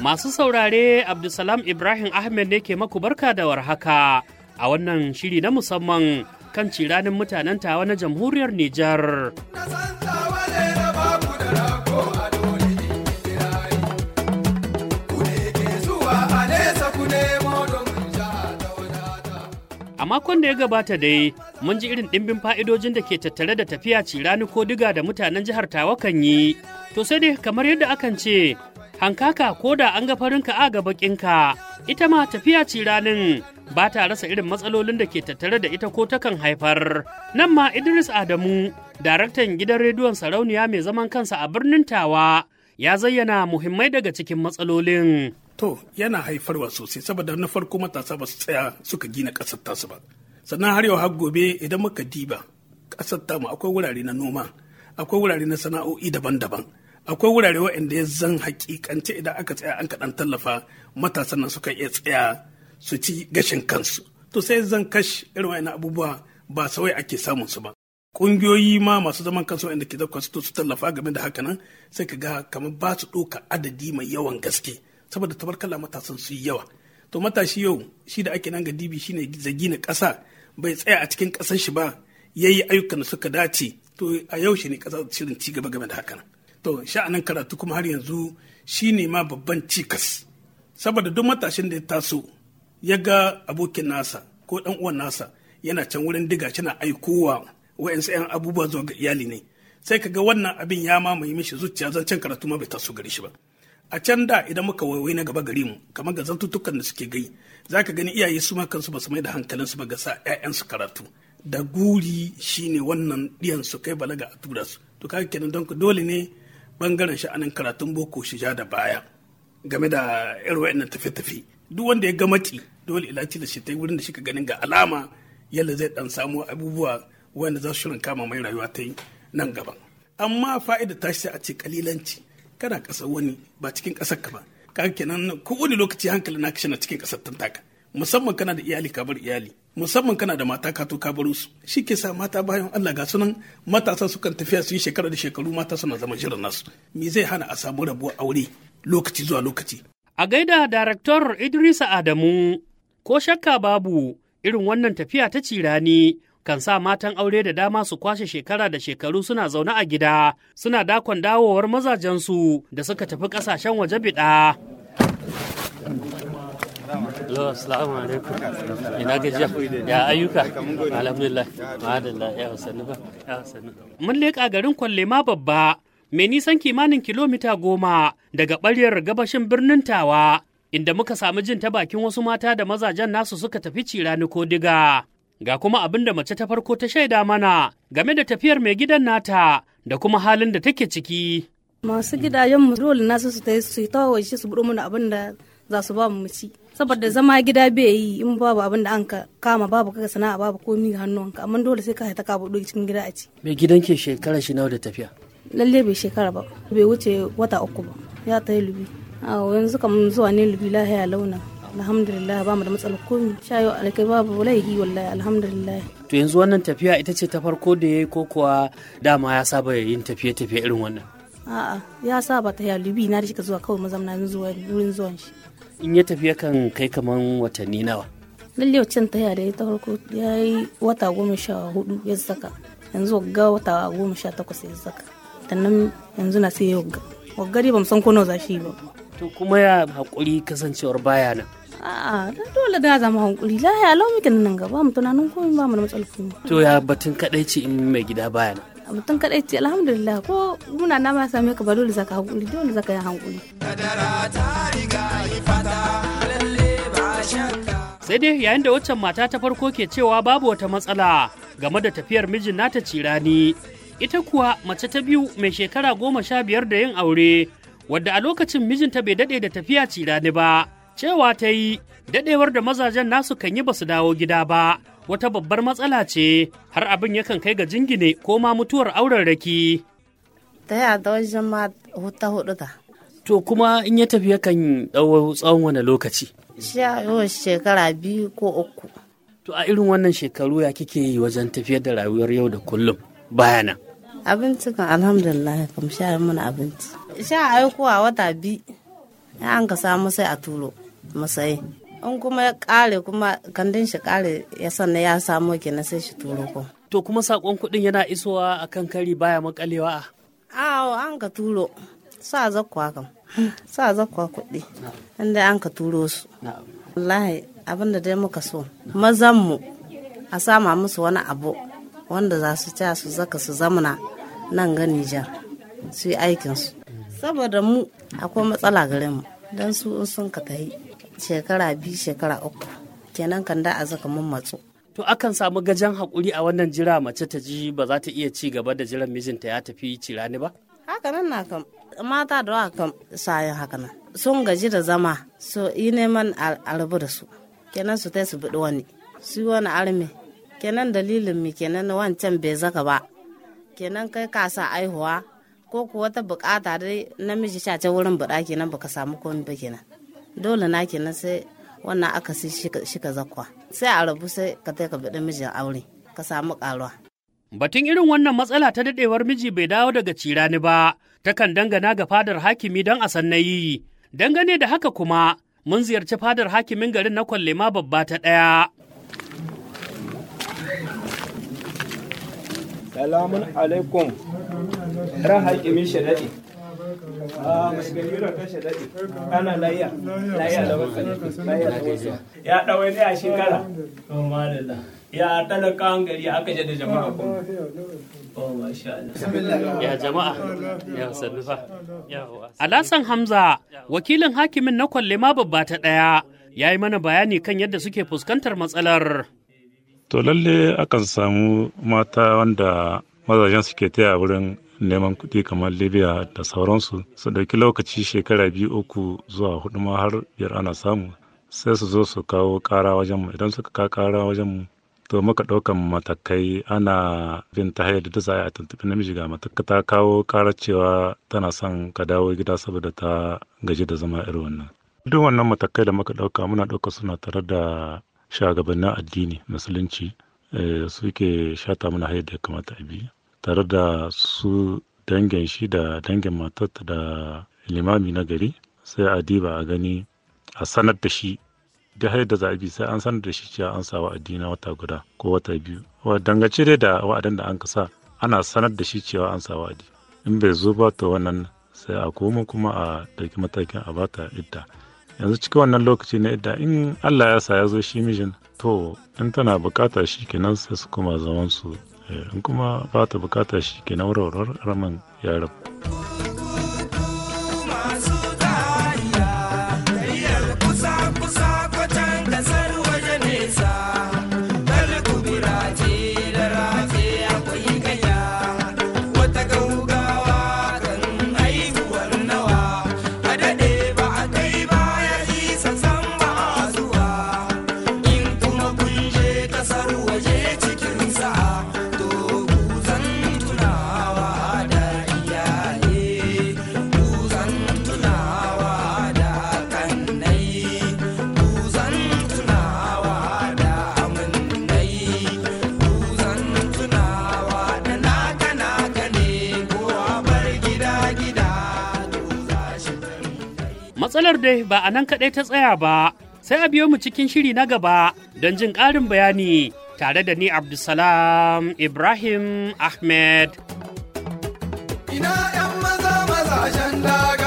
Masu saurare Abdulsalam Ibrahim Ahmed ne ke maku barka da warhaka a wannan shiri na musamman kan ciranin mutanen tawa na jamhuriyar Nijar. A makon da ya gabata dai, mun ji irin ɗimbin fa'idojin da ke tattare da tafiya cirani ko diga da mutanen jihar Tawa kan yi. To sai dai kamar yadda akan ce, hankaka ko da an ga ka a ga bakinka ita ma tafiya ce ranin ba ta rasa irin matsalolin da ke tattare da ita ko takan haifar nan ma idris adamu daraktan gidan rediyon sarauniya mai zaman kansa a birnin tawa ya zayyana muhimmai daga cikin matsalolin to yana haifarwa sosai saboda na farko matasa ba su tsaya suka gina kasar tasu ba sannan har yau har gobe idan muka diba kasar tamu akwai wurare na noma akwai wurare na sana'o'i daban-daban akwai wurare waɗanda ya zan hakikance idan aka tsaya an kaɗan tallafa matasan nan suka iya tsaya su ci gashin kansu to sai zan kashe irin wa'annan abubuwa ba sawai ake samun su ba ƙungiyoyi ma masu zaman kansu waɗanda ke zakwa su su tallafa game da haka nan sai ka ga kamar ba su ɗauka adadi mai yawan gaske saboda tabarkala matasan su yi yawa to matashi yau shi da ake nan ga dibi shine zagi na ƙasa bai tsaya a cikin ƙasar shi ba yayi ayyukan da suka dace to a yaushe shi ne ƙasa shirin ci gaba game da haka nan to sha'anin karatu kuma har yanzu shine ma babban cikas saboda duk matashin da ya taso ya ga abokin nasa ko dan uwan nasa yana can wurin diga na aikowa wa'ansu 'yan abubuwa zuwa ga iyali ne sai ka ga wannan abin ya mamaye mishi zuciya zan can karatu ma bai taso gari shi ba a can da idan muka waiwai na gaba gari mu kamar ga zantuttukan da suke gai za ka gani iyaye su ma kansu ba su mai da su ba ga sa 'ya'yansu karatu da guri shine wannan diyan su kai balaga a tura su to kaga kenan don dole ne bangaren sha'anin karatun boko shi ja da baya game da irin na tafi-tafi. duk wanda ya gamati dole ilaci da shi ta wurin da shi ka ganin ga alama yalla zai dan samu abubuwa wanda za su shirin kama mai rayuwa ta yi nan gaba. amma fa'ida ta shi a ce kalilanci kana kasa wani ba cikin kasar ka ba kaga kenan ko wani lokaci hankali na kashe na cikin ƙasar tantaka musamman kana da iyali ka bar iyali musamman kana da mata ka to ka baro su shi ke sa mata bayan Allah ga sunan matasa sukan tafiya su yi shekara da shekaru mata suna zama jiran nasu me zai hana a samu rabuwar aure lokaci zuwa lokaci a gaida daraktor Idrisa Adamu ko shakka babu irin wannan tafiya ta cira ne, kan sa matan aure da dama su kwashe shekara da shekaru suna zaune a gida suna dakon dawowar mazajensu da suka tafi ƙasashen waje biɗa. Hello, assalamu alaikum. Ina gajiya. Ya ayyuka? Alhamdulillah. Mun leƙa garin Kwallema babba mai nisan kimanin kilomita goma daga ɓaryar gabashin birnin Tawa. Inda muka samu jin ta bakin wasu mata da mazajen nasu suka tafi cirani ko diga. Ga kuma abin da mace ta farko ta shaida mana game da tafiyar mai gidan nata da kuma halin da take ciki. Masu gidajen mu dole nasu su ta yi su ta su buɗo mana abin da za su ba mu ci saboda zama gida bai yi in babu abin da an ka kama babu kaga sana'a babu komi ga hannunka amma dole sai ka ta ka buɗe cikin gida a ci mai gidan ke shekara shi nawa da tafiya lalle bai shekara ba bai wuce wata uku ba ya ta yi lubi a yanzu kam zuwa ne lubi lahiya launa alhamdulillah ba mu da matsalar komi shayo alkai babu laihi wallahi alhamdulillah to yanzu wannan tafiya ita ce ta farko da yayi ko kuwa dama ya saba yin tafiye tafiye irin wannan a'a ya saba ta ya lubi na da shi ka zuwa kawai mazamna zuwa wurin zuwan shi in ya tafi yakan kai kaman watanni nawa lalle wacce ta yare ya ta farko ya yi wata goma sha hudu ya saka yanzu ga wata goma sha takwas ya saka tannan yanzu na sai ya wagga waggari ba san ko nawa za shi ba to kuma ya hakuri kasancewar baya nan a'a dole da zama hankuri lahiya lau muke nan gaba mu tunanin komai ba mu da matsalar to ya batun kadai ce in mai gida baya nan mutum kadai ce alhamdulillah ko muna na ma same ka ba dole zaka hankuli dole zaka yi hankuli sai dai yayin da waccan mata ta farko ke cewa babu wata matsala game da tafiyar mijin nata cirani ita kuwa mace ta biyu mai shekara goma sha biyar da yin aure wadda a lokacin mijinta bai dade da tafiya cirani ba cewa ta yi dadewar da mazajen nasu kan yi basu dawo gida ba wata babbar matsala ce har abin yakan kai ga jingine ko ma mutuwar auren raki. Ta ya da wajen ma huta hudu da. To kuma in ya tafi yakan ɗau tsawon wani lokaci? Sha yawan shekara biyu ko uku. To a irin wannan shekaru ya kike yi wajen tafiyar da rayuwar yau da kullum bayana? Abinci kan alhamdulillah kam sha mana abinci. Sha aikowa wata biyu, Ya an ka samu sai a turo masai. in kuma ya kare kuma gandun shi kare ya sanna ya samo kenan sai shi turo ko to kuma sakon kuɗin yana isowa a kan kari baya makalewa awo an ka turo sa zakwa kam sa zakwa kuɗi inda an ka turo su wallahi abinda dai muka so mazan mu a sama musu wani abu wanda za su ci su zaka su zamana nan ga Nijar su yi aikinsu mm. saboda mu akwai matsala gare mu don su sun ka tahi shekara biyu shekara uku kenan kan da a mun matsu to akan samu gajen hakuri a wannan jira mace ta ji ba za ta iya ci gaba da jiran mijinta ya tafi cirani ba haka nan na kam mata da wa kam sayan haka nan sun gaji da zama so yi neman alabu da su kenan su ta su biɗi wani su yi wani arme kenan dalilin mi kenan wancan bai zaka ba kenan kai ka sa aihuwa ko kuwa ta bukata dai namiji shace wurin buɗa kenan baka samu komai ba kenan dole na kenan sai wannan aka shi ka zakwa sai a rabu sai ka kai ka biɗi mijin aure ka samu ƙaruwa. Batun irin wannan matsala ta daɗewar miji bai dawo daga cirani ba, takan dangana ga fadar hakimi don a sannayi. Dangane da haka kuma, mun ziyarci fadar hakimin garin na kwallema babba ta ɗaya. Salamun alaikum, ran hakimi ana layya layya da wasu layya da wasu ya ɗawai ne a shekara ya talakan gari aka jada jama'a kuma oh, ya jama'a ya sannu fa alasan hamza wakilin hakimin na kwallema babba ta ɗaya ya yi mana bayani kan yadda suke fuskantar matsalar to lalle akan samu mata wanda mazajen suke taya wurin neman kuɗi kamar libya da sauransu su ɗauki lokaci shekara biyu uku zuwa hudu ma har biyar ana samu sai su zo su kawo ƙara wajenmu idan suka kawo ƙara wajenmu to muka ɗaukan matakai ana bin ta hanyar da za a tuntuɓi namiji ga matakai ta kawo ƙarar cewa tana son ka dawo gida saboda ta gaji da zama irin wannan duk wannan matakai da muka ɗauka muna ɗauka suna tare da shugabannin addini musulunci eh, suke shata muna hanyar da ya kamata a biyu tare da su dangin shi da dangin matarta da limami na gari sai a diba a gani a sanar da shi da har da zaɓi sai an sanar da shi cewa an sa wa'adi na wata guda ko wata biyu dangance dai da wa'adin da an kasa ana sanar da shi cewa an sa wa'adi in bai zo ba to wannan sai a koma kuma a ɗauki matakin a bata idda yanzu cikin wannan lokaci na idda in allah ya sa ya zo shi mijin to in tana bukata shi kenan sai su koma zaman su Eh, in kuma ba ta bukata shi ke na warwar ramin yaran Matsalar dai ba a nan kaɗai ta tsaya ba, sai a biyo mu cikin shiri na gaba don jin ƙarin bayani tare da ni Abdulsalam Ibrahim Ahmed. Ina ‘yan maza